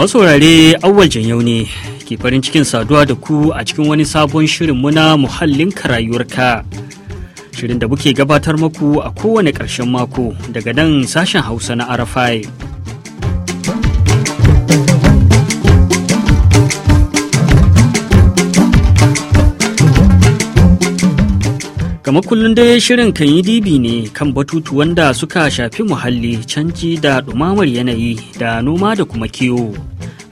Masu saurare awwal yau ne ke farin cikin saduwa da ku a cikin wani sabon shirin muna muhallin karayuwarka. Shirin da muke gabatar maku a kowane ƙarshen mako daga nan sashen Hausa na Arafai. kamar kullum dai shirin kan yi dibi ne kan batutuwan da suka shafi muhalli, canji da dumamar yanayi da noma da kuma kiwo.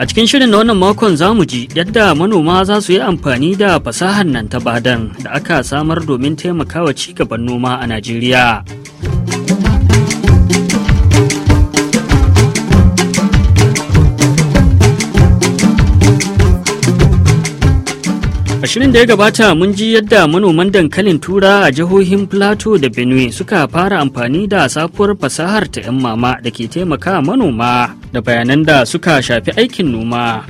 A cikin shirin na wannan makon zamu ji yadda manoma za su yi amfani da fasahar nan ta badan da aka samar domin taimakawa ci gaban noma a Najeriya. shirin da ya gabata mun ji yadda manoman dankalin tura a jihohin plateau da benue suka fara amfani da safuwar fasahar ta 'yan mama da ke taimaka manoma da bayanan da suka shafi aikin noma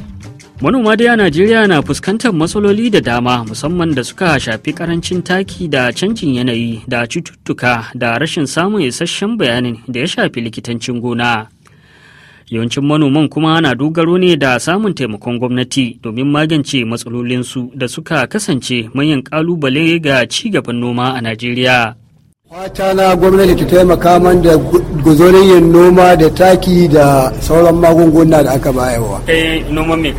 manoma dai a najeriya na fuskantar matsaloli da dama musamman da suka shafi karancin taki da canjin yanayi da cututtuka da rashin samun isasshen bayanin da ya shafi likitancin gona Yawancin manoman kuma na dogaro ne da samun taimakon gwamnati domin magance matsalolinsu da suka kasance manyan kalubale ga ci gaban noma a Najeriya. Fata na gwamnati ta taimaka man da guzorin noma da taki da sauran magunguna da aka bayarwa.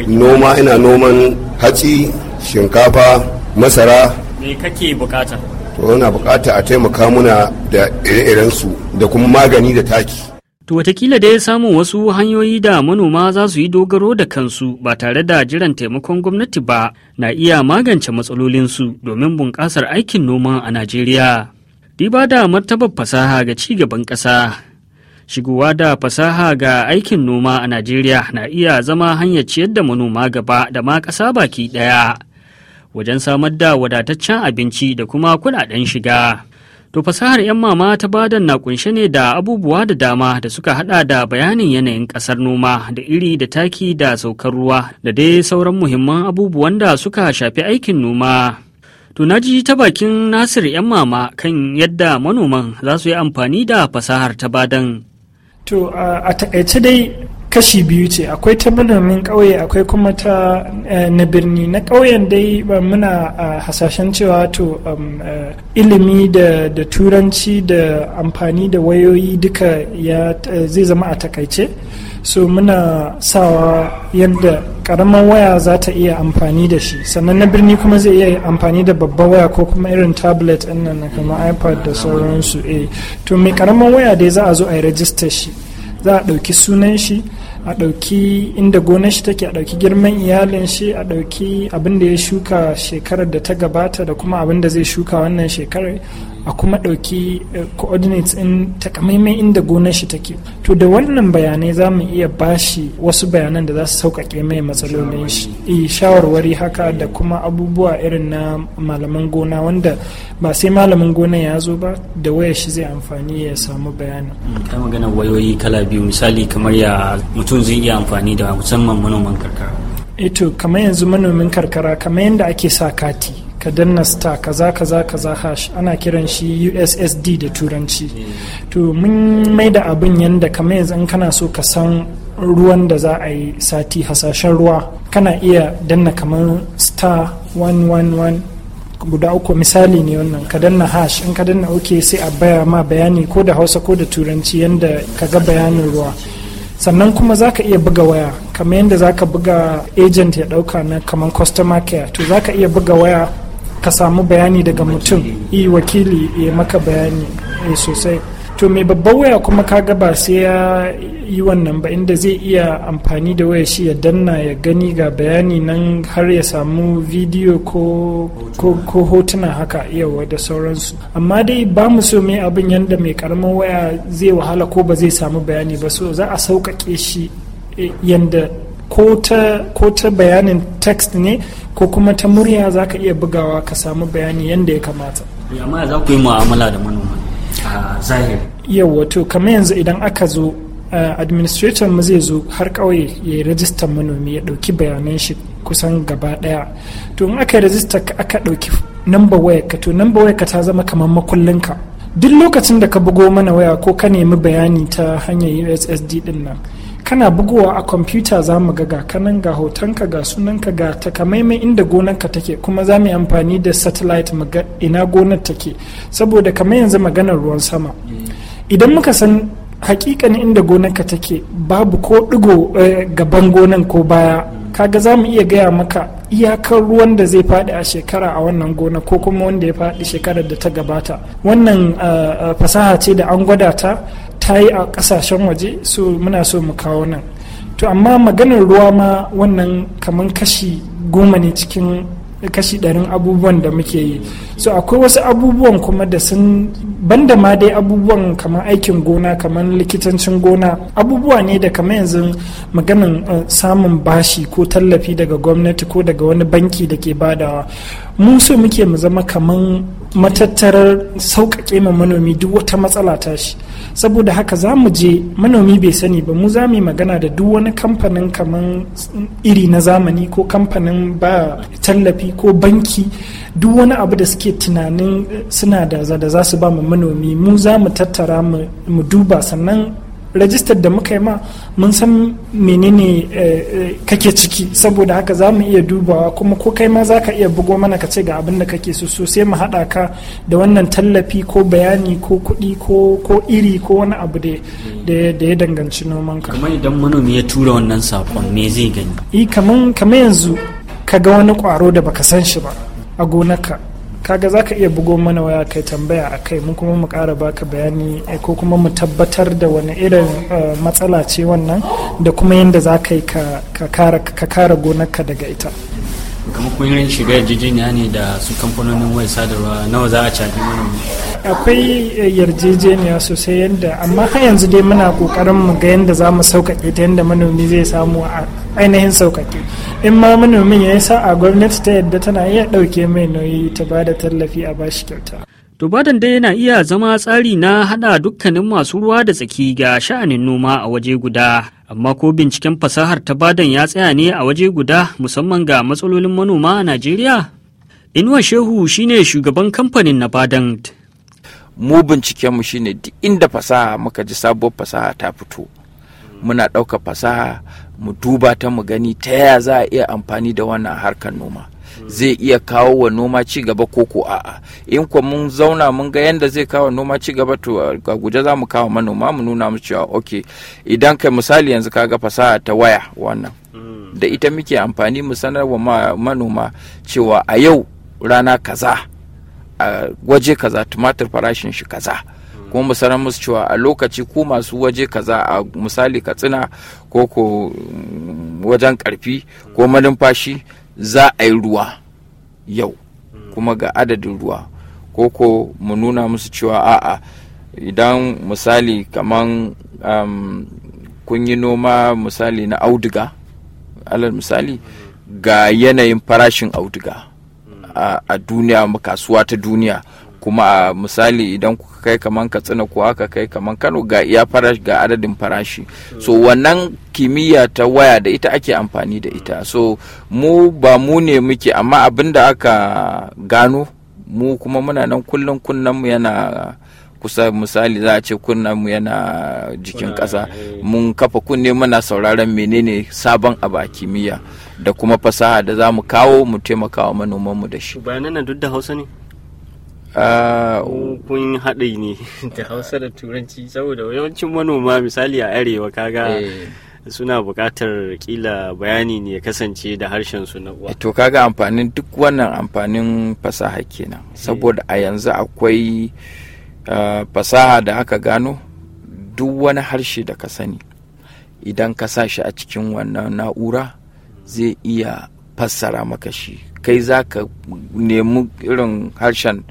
Noma ina noman hatsi, shinkafa, masara. Me kake bukata? To ina bukata a taimaka muna da ire su da kuma magani da taki. To watakila da ya samu wasu hanyoyi da manoma za su yi dogaro da kansu ba tare da jiran taimakon gwamnati ba na iya magance matsalolinsu domin bunƙasar aikin noma a Najeriya. Diba da martabar fasaha ga ci gaban ƙasa. Shigowa da fasaha ga aikin noma a Najeriya na iya zama hanyar ciyar da manoma gaba da ma ƙasa baki ɗaya wajen samar da wadataccen abinci da kuma kuɗaɗen shiga. To fasahar 'yan mama ta badan na kunshe ne da abubuwa da dama da suka hada da bayanin yanayin kasar noma da iri da taki da saukar ruwa da dai sauran muhimman abubuwan da suka shafi aikin noma. To na ji ta bakin Nasir 'yan mama kan yadda manoman za su yi amfani da fasahar ta badan. To a taƙaice dai kashi biyu ce akwai ta manomin ƙauye akwai kuma ta eh, na birni na ƙauyen dai muna hasashen cewa to um, eh, ilimi da turanci da amfani da wayoyi duka zai zama a takaice so muna sawa yadda karamar waya za ta iya amfani da shi sannan na birni kuma zai iya amfani da babban waya ko kuma irin tablet ɗin nan kamar ipad da sauransu eh to mai karamar waya dai za a zo a yi rajista shi za a ɗauki sunan shi a ɗauki inda gonar shi take a ɗauki girman iyalin shi a ɗauki abin da ya shuka shekarar da ta gabata da kuma abin da zai shuka wannan shekarar a kuma ɗauki eh, coordinates in takamaiman inda gonar shi take to da wannan bayanai za mu iya bashi wasu bayanan da za su sauƙaƙe mai matsalolin shi e, shawarwari haka da kuma abubuwa irin na malaman gona wanda ba sai malamin gona ya zo ba da wayar shi zai amfani ya samu bayanin mm, ka magana wayoyi kala biyu misali kamar ya mutum zai iya amfani da musamman manoman karkara ito e, kamar yanzu manomin karkara kamar yadda ake sa kati ka danna star kaza kaza kaza hash ana kiran shi ussd da turanci hmm. to mun mai da abin yanda kamar yanzu in kana so ka san ruwan da za a yi sati hasashen ruwa kana iya danna kamar star 111 guda uku misali ne wannan ka danna hash in ka danna oke sai a baya ma bayani ko da hausa ko da turanci yanda ka ga bayanin ruwa sannan kuma za ka iya buga waya kamar yadda za ka buga agent ya dauka na kamar customer care to za ka iya buga waya ka samu bayani daga mutum i eh, wakili ya eh, maka bayani eh, sosai to mai babban waya kuma ka gaba sai ya yi wannan ba inda zai iya amfani da waya shi ya danna ya gani ga bayani nan har ya samu vidiyo ko hotuna haka yawa da sauransu amma dai ba mu so mai abin yadda mai karamin waya zai wahala ko ba zai samu bayani ba so za a sauƙaƙe shi yadda ko ta bayanin text ne ko kuma ta murya za ka iya bugawa ka samu bayani yadda ya kamata amma za ku yi mu'amala da manoma a zahiri to kamar yanzu idan aka zo administrator mu zai zo har kauye ya yi rajistar manomi ya ɗauki bayanan shi kusan gaba daya to in aka yi rajistar aka ɗauki namba waya ka to namba waya ka ta zama kamar ka. duk lokacin da ka bugo mana waya ko ka nemi bayani ta hanyar ussd din nan kana bugowa a kwamfuta za mu ga gakanan ga hotonka ga sunanka ga takamaiman inda gonarka take kuma za mu amfani da satellite maga, ina gonar take saboda kamar yanzu maganar ruwan sama idan muka san hakikani inda gonarka take babu ko digo eh, gaban gonan ko baya kaga za mu iya gaya maka iyakar ruwan da zai faɗi a shekara a wannan gona ko kuma wanda ya faɗi shekarar da ta gabata wannan eh, eh, fasaha ce da an gwada ta ta yi a kasashen waje so muna so mu kawo nan to amma maganar ruwa ma wannan kamar kashi goma ne cikin kashi ɗarin abubuwan da muke yi so akwai wasu abubuwan kuma da sun banda ma dai abubuwan kamar aikin gona kamar likitancin gona abubuwa ne da kamar yanzu maganin eh, samun bashi ko tallafi daga gwamnati ko daga wani banki da ke badawa mu so muke mu zama kaman matattarar sauƙaƙe ma manomi duk wata matsala ta shi saboda haka za mu je manomi bai sani ba mu za mu yi magana da duk wani kamfanin kaman iri na zamani ko kamfanin ba tallafi ko banki duk wani abu da suke tunanin suna da za su ba mu manomi mu za mu tattara mu duba sannan rajistar da muka yi ma mun san menene eh, eh, kake ciki saboda haka za mu iya dubawa kuma ko kai ma za ka iya bugo mana ka ce ga abin da kake so sosai mu haɗa ka da wannan tallafi ko bayani ko kuɗi ko iri ko wani abu da ya danganci nomanka kamar idan manomi ya tura wannan sakon me zai gani eh, kamar yanzu ka ga wani ƙwaro da baka san shi ba a gonarka kaga za ka iya bugo mana waya kai tambaya a kai mu kuma mu kara baka bayani eh, ko kuma mu tabbatar da wani irin eh, matsala ce wannan da kuma yadda za ka yi ka kara gonarka daga ita kuma kun yi shiga yarjejeniya ne da su kamfanonin wai sadarwa nawa za a caji manomi akwai eh, yarjejeniya sosai yadda amma har yanzu dai muna kokarin mu ga yadda za mu sauƙaƙe ta yadda manomi zai samu a ainihin sauƙaƙe in ma manomin ya yi sa'a gwamnati ta yadda tana iya ɗauke mai nauyi ta ba da tallafi a bashi kyauta To Badan dai yana iya zama tsari na haɗa dukkanin masu ruwa da tsaki ga sha'anin noma a waje guda. Amma ko binciken fasahar ta Badan ya tsaya ne a waje guda musamman ga matsalolin manoma a Najeriya? Inuwa Shehu shine shugaban kamfanin na Badan. Mu binciken mu shine duk inda fasaha muka ji sabuwar fasaha ta fito. Muna ɗauka fasaha mu duba ta mu gani ta yaya za a iya amfani da wannan harkar noma. zai iya kawo wa noma ci gaba ko a'a in kuwa mun zauna mun ga yadda zai kawo noma ci gaba to a guje za mu kawo manoma mu nuna musu cewa ok idan kai misali yanzu ga fasaha ta waya wannan da ita muke amfani mu sanar wa manoma cewa a yau rana kaza a waje kaza tumatir farashin shi kaza kuma mu sanar musu cewa a lokaci ko masu waje kaza a misali katsina ko ko mm, wajen karfi ko manumfashi za a yi ruwa yau kuma ga adadin ruwa ko ko mu nuna musu cewa a'a idan misali kaman um, kun yi noma misali na auduga alal misali ga yanayin farashin auduga a, a duniya kasuwa ta duniya kuma a misali idan kuka kai kaman katsina ko aka kai kaman kano ga iya farashi ga adadin farashi so wannan kimiyya ta waya da ita ake amfani da ita so mu ba mu ne muke amma abin da aka gano mu kuma muna nan kullum kunnenmu yana kusa misali za a ce kunnenmu yana jikin ƙasa mun kafa kunne muna sauraron menene sabon abu a kimiyya da kuma fasaha da za mu kawo mu taimakawa manomanmu da shi bayanan duk da hausa ne Ah, kun haɗe ne da hausa da turanci saboda yawancin manoma misali a arewa kaga eh. suna buƙatar kila bayani ne ya kasance da harshen su na uwa. Eh, to kaga amfanin duk wannan amfanin fasaha kenan eh. saboda a yanzu akwai ah, fasaha da aka gano duk wani harshe da ka sani idan ka sa shi a cikin wannan na'ura zai iya fassara maka shi kai za ka nemi irin harshen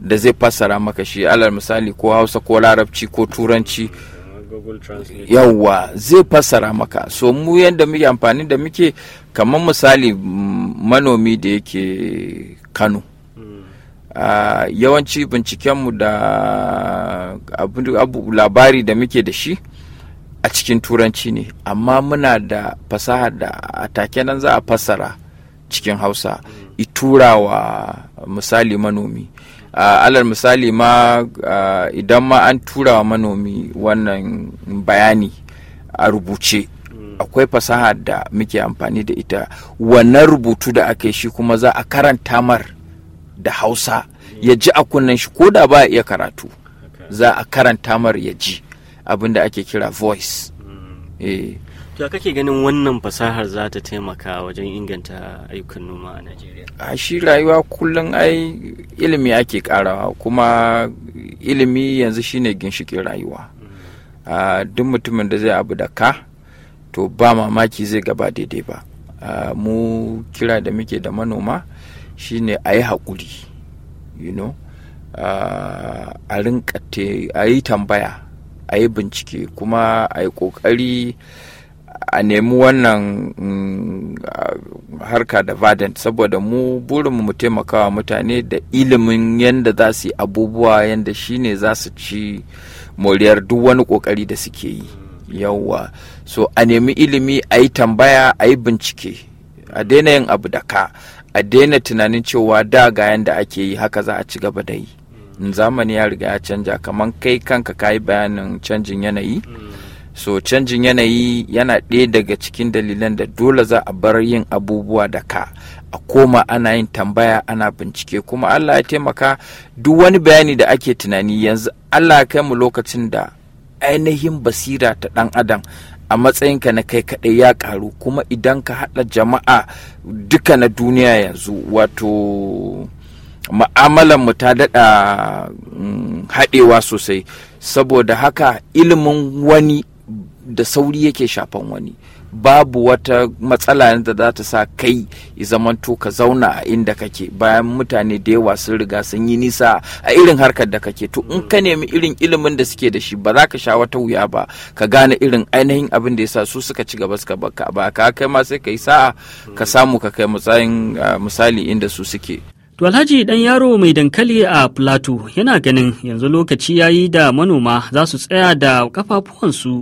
da zai fassara maka shi alal misali ko hausa ko larabci ko turanci yawwa zai fassara maka so mu yadda muke amfani da muke kamar misali manomi da yake kano uh, yawanci bincikenmu da abu, labari da muke da shi a cikin turanci ne amma muna da fasaha da a take nan za a fassara cikin hausa hmm. iturawa misali manomi alal misali ma idan ma an tura wa manomi wannan bayani a rubuce hmm. akwai fasaha da muke amfani da ita wannan rubutu da aka shi kuma za a karanta mar da hausa hmm. ya ji a kunnen shi ko da ba iya karatu za a karanta mar ya ji abin da ake kira voice mm. To kake ganin wannan fasahar za ta taimaka wajen inganta ayyukan noma a Najeriya? A shi rayuwa kullum ai ilimi ake karawa kuma ilimi yanzu shine ginshikin rayuwa. Mm. Duk mutumin da zai abu da ka to ba mamaki zai gaba daidai ba. Mu kira da muke da manoma shine a yi haƙuri, you know, a yi tambaya, a yi bincike kuma a yi ƙoƙari a nemi wannan mm, harka da vadent saboda mu burinmu mu taimakawa mutane da ilimin yadda za su yi abubuwa yadda shi ne za su ci moriyar duk wani kokari da suke yi yawwa so a nemi ilimi a yi tambaya a yi bincike a daina yin abu da ka a daina tunanin cewa da ga yadda ake yi haka za a ci gaba da yi mm. zamani ya riga ya canja kamar kai kanka ka yi bayanin canjin yanayi mm. so canjin yanayi yana ɗaya daga cikin dalilan da dole za a bar yin abubuwa da ka a koma ana yin tambaya ana bincike kuma allah ya taimaka duk wani bayani da ake tunani yanzu allah ya kai mu lokacin da ainihin basira ta ɗan adam a matsayinka na kai kaɗai ya ƙaru kuma idan ka haɗa jama'a duka na duniya yanzu wato ma'amalan mu ta daɗa mm, haɗewa sosai saboda haka ilimin wani da sauri yake shafan wani babu wata matsala da za ta sa kai to ka zauna a inda kake bayan mutane da yawa sun riga sun yi nisa a irin harkar da kake to in ka nemi irin ilimin da suke da shi ba za ka sha wata wuya ba ka gane irin ainihin abin da ya sa su suka ci gaba suka baka ba ka kai ma sai ka yi sa'a ka samu ka kai matsayin ah, misali inda su suke To Alhaji ɗan yaro mai dankali a Plateau yana ganin yanzu lokaci yayi da manoma za su tsaya da kafafuwansu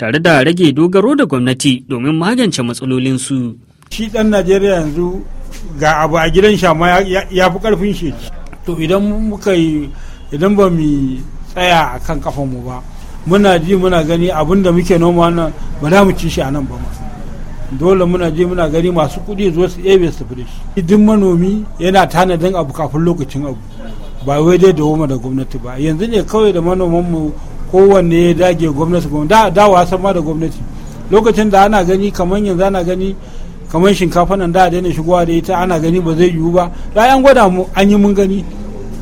tare da rage dogaro da gwamnati domin magance matsalolinsu. Shi ɗan Najeriya yanzu ga abu a gidan shama ya fi ƙarfin shi. To idan muka yi idan ba mu tsaya a kan kafanmu ba muna ji muna gani abin da muke noma nan ba za mu ci shi a nan ba dole muna ji muna gani masu kuɗi zuwa su ebe su fi shi manomi yana tanadin abu kafin lokacin abu ba wai dai da goma da gwamnati ba yanzu ne kawai da manoman mu. kowanne ya dage gwamnati da wasan ma da gwamnati lokacin da ana gani kamar yanzu ana gani kamar shinkafa nan da daina shigowa da ita ana gani ba zai yiwu ba da an gwada mu an yi mun gani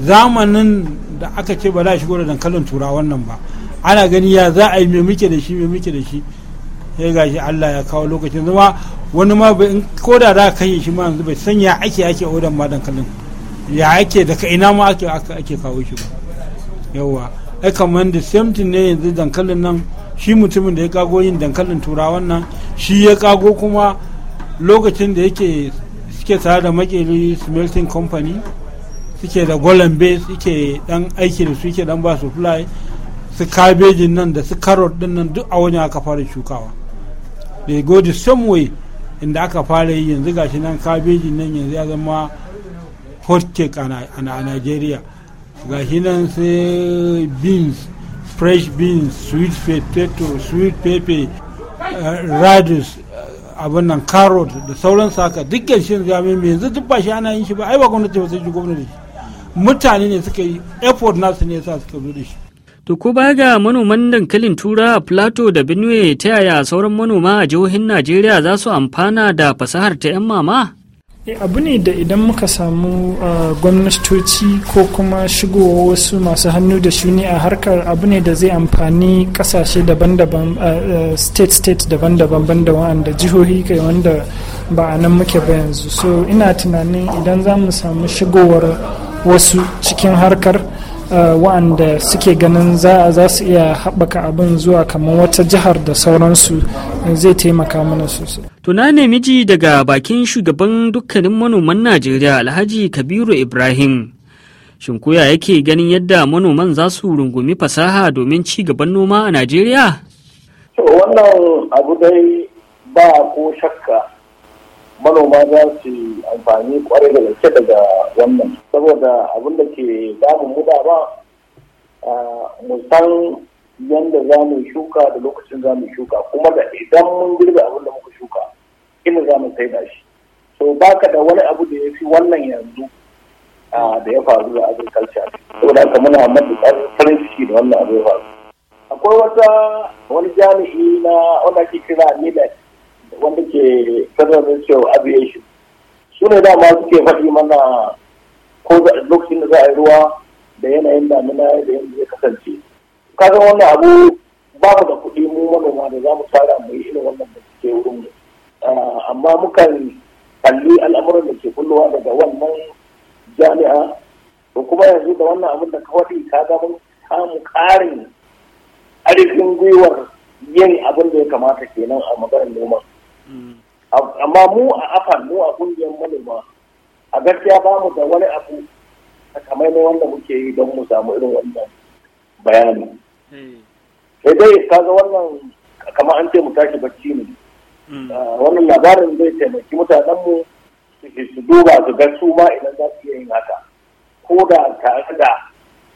zamanin da aka ce ba za a shigo da dankalin turawan wannan ba ana gani ya za a yi me muke da shi me muke da shi sai gashi Allah ya kawo lokacin zama wani ma bai ko da za kashe shi ma yanzu bai san ya ake ake odan ma dankalin ya ake daga ina ma ake ake kawo shi ba yawwa ai kamar da same ne yanzu dankalin nan shi mutumin da ya kago yin dankalin turawan nan shi ya kago kuma lokacin da yake suke tare da makeri smelting company suke da golan base suke dan aiki da suke dan ba su fly su kabejin nan da su carrot din nan duk a wajen aka fara shukawa they go the same way inda aka fara yi yanzu gashi nan kabejin nan yanzu ya zama hot cake a Najeriya. ga hinan sai beans fresh beans sweet potato sweet pepper uh, radish uh, abin nan carrot da sauran saka duk gashin zame mai yanzu duk ba shi ana yin shi ba ai ba gwamnati ba sai shi gwamnati mutane ne suka yi effort nasu ne yasa suka zo da shi To ko ba ga manoman dankalin tura Plato da Benue ta yaya sauran manoma a jihohin Najeriya za su amfana da fasahar ta 'yan mama? Eh, abu ne da idan muka samu ah, gwamnatoci ko kuma shigowa wasu masu hannu da shuni a harkar abu ne da zai amfani kasashe daban-daban state-state ah, ah, daban-daban banda wa'anda jihohi kai wanda ba a nan muke ba yanzu so ina tunanin idan za mu samu shigowar wasu cikin harkar wa'anda suke ganin za su iya haɓaka abin zuwa kamar wata jihar da sauransu zai taimaka mana sosai Tuna ne miji daga bakin shugaban dukkanin manoman Najeriya Alhaji Kabiru Ibrahim. Shin koya yake ganin yadda manoman za su rungumi fasaha domin ci gaban noma a Najeriya? Wannan abu dai ba ko shakka manoma za su yi amfani kwarai da gaske daga wannan. Saboda abin da ke damun muda ba, mu san yadda za mu shuka da lokacin za mu shuka kuma da idan mun girbe abin da muka shuka in za mu sai da shi so baka da wani abu da ya fi wannan yanzu da ya faru da agriculture saboda haka muna matuƙar farin ciki da wannan abu ya faru akwai wata wani jami'i na wanda ke kira milet wanda ke federal ministry of aviation su ne dama suke faɗi mana ko lokacin da za a yi ruwa da yanayin damina da yanzu zai kasance kasan wannan abu babu da kuɗi mu manoma da za mu tara mu yi irin wannan da suke wurin mu Ah, amma mukan kalli al'amuran da ke kullowa daga wannan jami'a da kuma yanzu da wannan abin da kawai ka ga mun samu ƙarin arifin gwiwar yin abin da ya kamata kenan a maganar noma hmm. amma mu a afan mu a kungiyar manoma a gaskiya ba mu da wani abu ne wanda muke yi don mu samu irin wannan bayani hmm. sai dai ga wannan kamar an ce mu tashi bacci ne Mm. Ah, wannan labarin zai taimaki mutanenmu su duba su ga su ma idan za su iya yin haka ko da tare da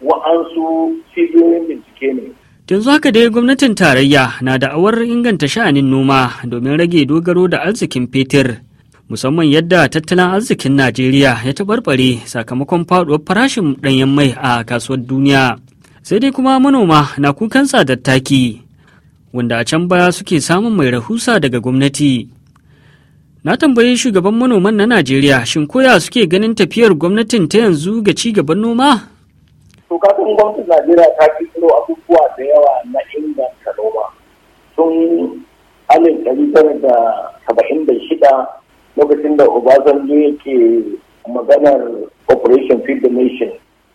wa'ansu cibiyoyin bincike ne yanzu haka dai gwamnatin tarayya na da awar inganta sha'anin noma domin rage dogaro da arzikin fetur musamman yadda tattalin arzikin najeriya ya taɓarɓare sakamakon faɗuwar farashin ɗanyen mai a kasuwar duniya sai dai kuma manoma na kukan tsadar taki wanda a can baya suke samun mai rahusa daga gwamnati na tambayi shugaban manoman na najeriya shin koya suke ganin tafiyar gwamnatin ta yanzu ga ci gaban noma to kasan gwamnatin najeriya ta kirkiro abubuwa da yawa na inganta noma tun alif ɗari tara da saba'in da shida lokacin da obasanjo yake maganar operation feed the nation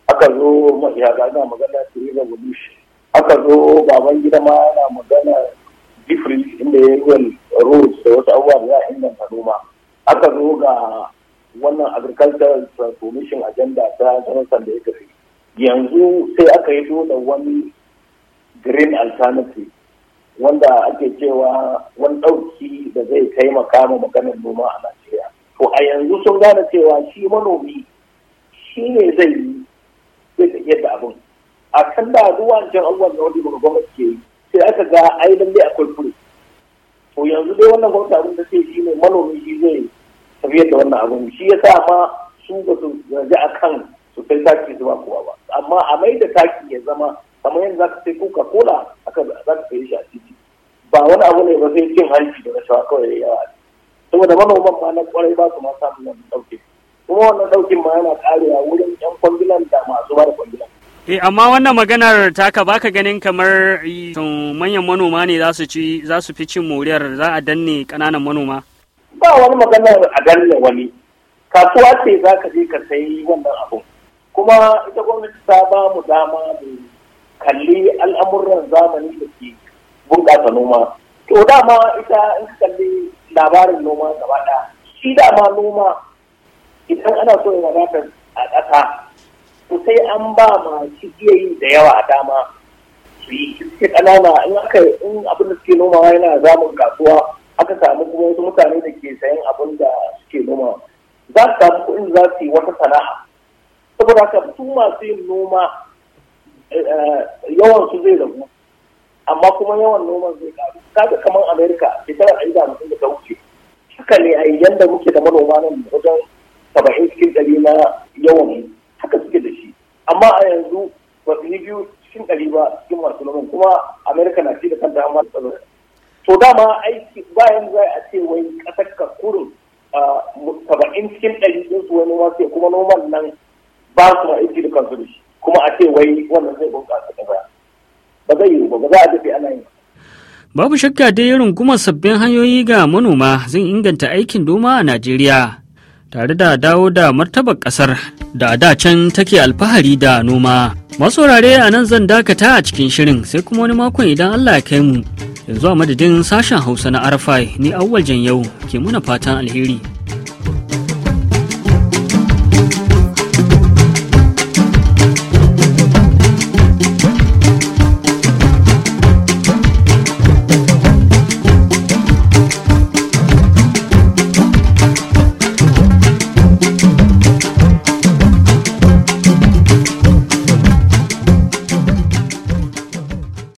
aka zo ya gana maganar three revolution aka zo baban gida ma yana magana different inda ya yi rules da wasu abubuwa da za a inganta noma aka zo ga wannan agricultural transformation agenda ta jonathan da ya gari yanzu sai aka yi da wani green alternative wanda ake cewa wani ɗauki da zai taimaka ma maganar noma a Najeriya. To a yanzu sun gane cewa shi manomi shi ne zai yi zai abin. a kan da zuwan can abubuwan da wani daga gwamnati ke yi sai aka ga ai lallai akwai kure to yanzu dai wannan gwamnati abin da sai shi ne manomi shi zai tafiyar da wannan abin shi ya sa ma su ba su yanzu a kan su kai taki su ba kowa ba amma a mai da taki ya zama kamar yadda za ka sai coca cola haka za ka sai shi a titi ba wani abu ne ba sai cin hanci da rashawa kawai ya yawa saboda manoman ma na kwarai ba su ma samun wani ɗauke kuma wannan ɗaukin ma yana karewa wurin 'yan kwangilan da masu ba da kwangilan Eh amma wannan maganar taka baka ganin kamar manyan manoma ne za su ci za su fi cin moriyar za a danne kananan manoma. Ba wani maganar a danne wani. Kasuwa ce za ka je ka sayi wannan abu. Kuma ita gwamnati ta ba mu dama mu kalli al'amuran zamani da ke bunƙasa noma. To dama ita in kalli labarin noma gaba ɗaya. Shi dama noma idan ana so ya wadatar a ƙasa sai an ba shi iya yi da yawa a dama su yi suke kanana in aka in abin da suke nomawa yana zamun kasuwa aka samu kuma wasu mutane da ke sayan abin da suke noma. za su samu kuɗin za su yi wata sana'a saboda haka su masu yin noma eh, eh, yawan su zai ragu amma kuma yawan noman zai karu kaga kamar america shekarar da mutum da ta wuce haka ne a yanda muke da manoma nan wajen saba'in cikin ɗari na yawan amma a yanzu ba su yi biyu cikin ɗari ba cikin masu noman kuma amerika na ci da kanta amma da tsaro to dama aiki bayan za a ce wai ƙasar ka kurin saba'in cikin ɗari ɗin su wani wasu kuma noman nan ba su aiki da kansu da shi kuma a ce wai wannan zai bunƙasa da baya ba zai yiwu ba ba za a dafe ana yin Babu shakka dai irin kuma sabbin hanyoyi ga manoma zai inganta aikin noma a Najeriya. tare da dawo da martabar ƙasar da a da can take alfahari da noma. masu Masaurare a nan zan dakata a cikin shirin sai kuma wani makon idan Allah ya kai mu. Yanzu a madadin sashen Hausa na Arafai ni awwal yau ke muna fatan alheri.